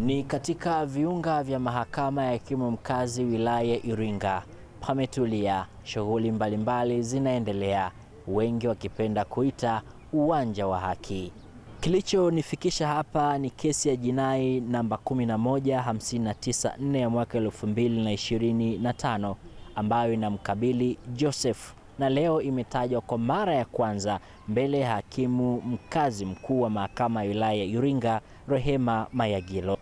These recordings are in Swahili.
Ni katika viunga vya mahakama ya hakimu mkazi wilaya Iringa pametulia, shughuli mbalimbali zinaendelea, wengi wakipenda kuita uwanja wa haki. Kilichonifikisha hapa ni kesi ya jinai namba 11594 ya mwaka 2025 ambayo inamkabili Joseph na leo imetajwa kwa mara ya kwanza mbele ya hakimu mkazi mkuu wa mahakama ya wilaya ya Iringa Rehema Mayagilo.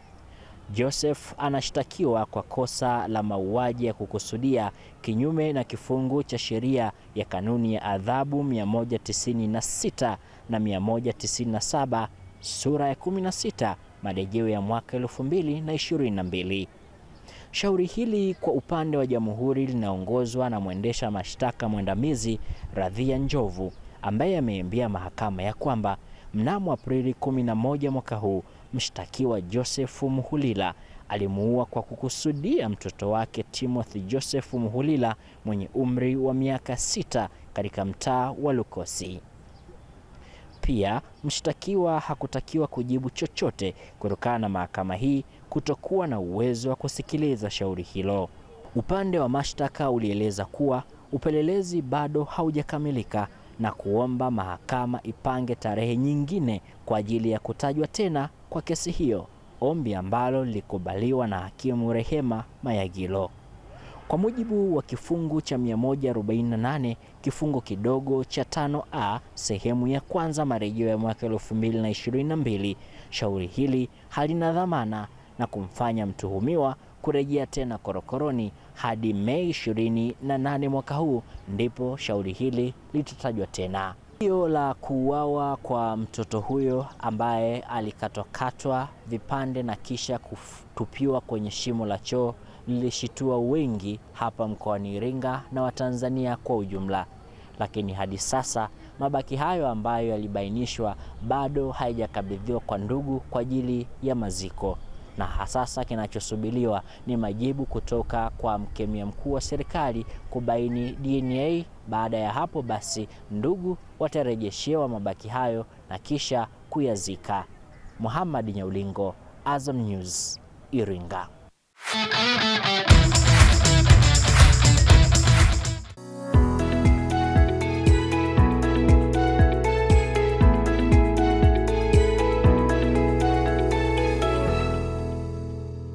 Joseph anashtakiwa kwa kosa la mauaji ya kukusudia kinyume na kifungu cha sheria ya kanuni ya adhabu 196 na 197 sura ya 16 marejeo ya mwaka 2022. Shauri hili kwa upande wa jamhuri linaongozwa na mwendesha mashtaka mwandamizi Radhia Njovu ambaye ameambia mahakama ya kwamba Mnamo Aprili 11 mwaka huu, mshtakiwa Josefu Muhulila alimuua kwa kukusudia mtoto wake Timothy Josefu Muhulila mwenye umri wa miaka sita katika mtaa wa Lukosi. Pia mshtakiwa hakutakiwa kujibu chochote kutokana na mahakama hii kutokuwa na uwezo wa kusikiliza shauri hilo. Upande wa mashtaka ulieleza kuwa upelelezi bado haujakamilika na kuomba mahakama ipange tarehe nyingine kwa ajili ya kutajwa tena kwa kesi hiyo, ombi ambalo lilikubaliwa na hakimu Rehema Mayagilo. Kwa mujibu wa kifungu cha 148 kifungu kidogo cha 5a sehemu ya kwanza marejeo ya mwaka 2022, shauri hili halina dhamana na kumfanya mtuhumiwa kurejea tena korokoroni hadi Mei 28 mwaka huu, ndipo shauri hili litatajwa tena. Tukio la kuuawa kwa mtoto huyo ambaye alikatwakatwa vipande na kisha kutupiwa kwenye shimo la choo lilishitua wengi hapa mkoani Iringa na Watanzania kwa ujumla. Lakini hadi sasa mabaki hayo ambayo yalibainishwa bado haijakabidhiwa kwa ndugu kwa ajili ya maziko na hasasa kinachosubiriwa ni majibu kutoka kwa mkemia mkuu wa serikali kubaini DNA. Baada ya hapo basi, ndugu watarejeshewa mabaki hayo na kisha kuyazika. Muhammad Nyaulingo, Azam News, Iringa.